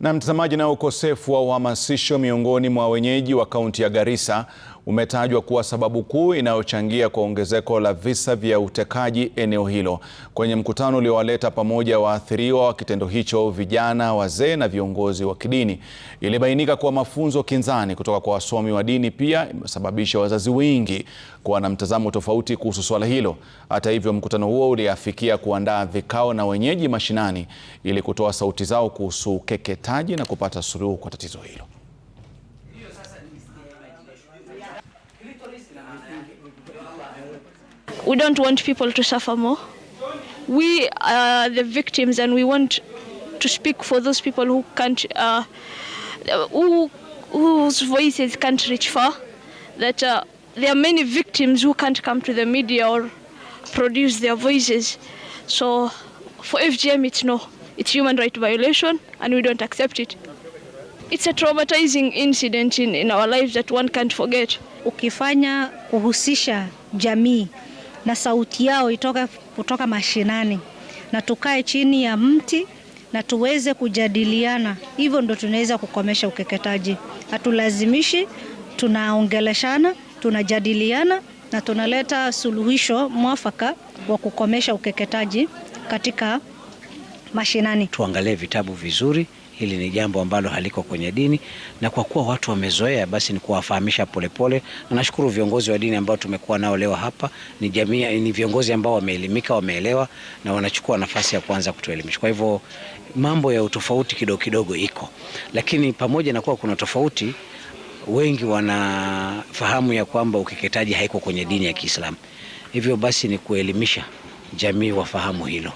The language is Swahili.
Na mtazamaji, na ukosefu wa uhamasisho miongoni mwa wenyeji wa kaunti ya Garissa umetajwa kuwa sababu kuu inayochangia kwa ongezeko la visa vya utekaji eneo hilo. Kwenye mkutano uliowaleta pamoja waathiriwa wa kitendo hicho, vijana, wazee na viongozi wa kidini, ilibainika kuwa mafunzo kinzani kutoka kwa wasomi wa dini pia imesababisha wazazi wengi kuwa na mtazamo tofauti kuhusu swala hilo. Hata hivyo, mkutano huo uliafikia kuandaa vikao na wenyeji mashinani ili kutoa sauti zao kuhusu ukeketaji na kupata suluhu kwa tatizo hilo. We don't want people to suffer more. We are the victims and we want to speak for those people who can't, uh, who, whose voices can't reach far. That uh, there are many victims who can't come to the media or produce their voices. So for FGM, it's no. It's human right violation and we don't accept it. It's a traumatizing incident in, in our lives that one can't forget. Ukifanya kuhusisha jamii na sauti yao itoka kutoka mashinani na tukae chini ya mti na tuweze kujadiliana, hivyo ndo tunaweza kukomesha ukeketaji. Hatulazimishi, tunaongeleshana, tunajadiliana na tunaleta suluhisho mwafaka wa kukomesha ukeketaji katika mashinani. Tuangalie vitabu vizuri Hili ni jambo ambalo haliko kwenye dini, na kwa kuwa watu wamezoea, basi ni kuwafahamisha polepole, na nashukuru viongozi wa dini ambao tumekuwa nao leo hapa. Ni jamii, ni viongozi ambao wameelimika, wameelewa na wanachukua nafasi ya kuanza kutuelimisha. Kwa hivyo mambo ya utofauti kidogo kidogo iko, lakini pamoja na kuwa kuna tofauti, wengi wanafahamu ya kwamba ukeketaji haiko kwenye dini ya Kiislamu. Hivyo basi ni kuelimisha jamii wafahamu hilo.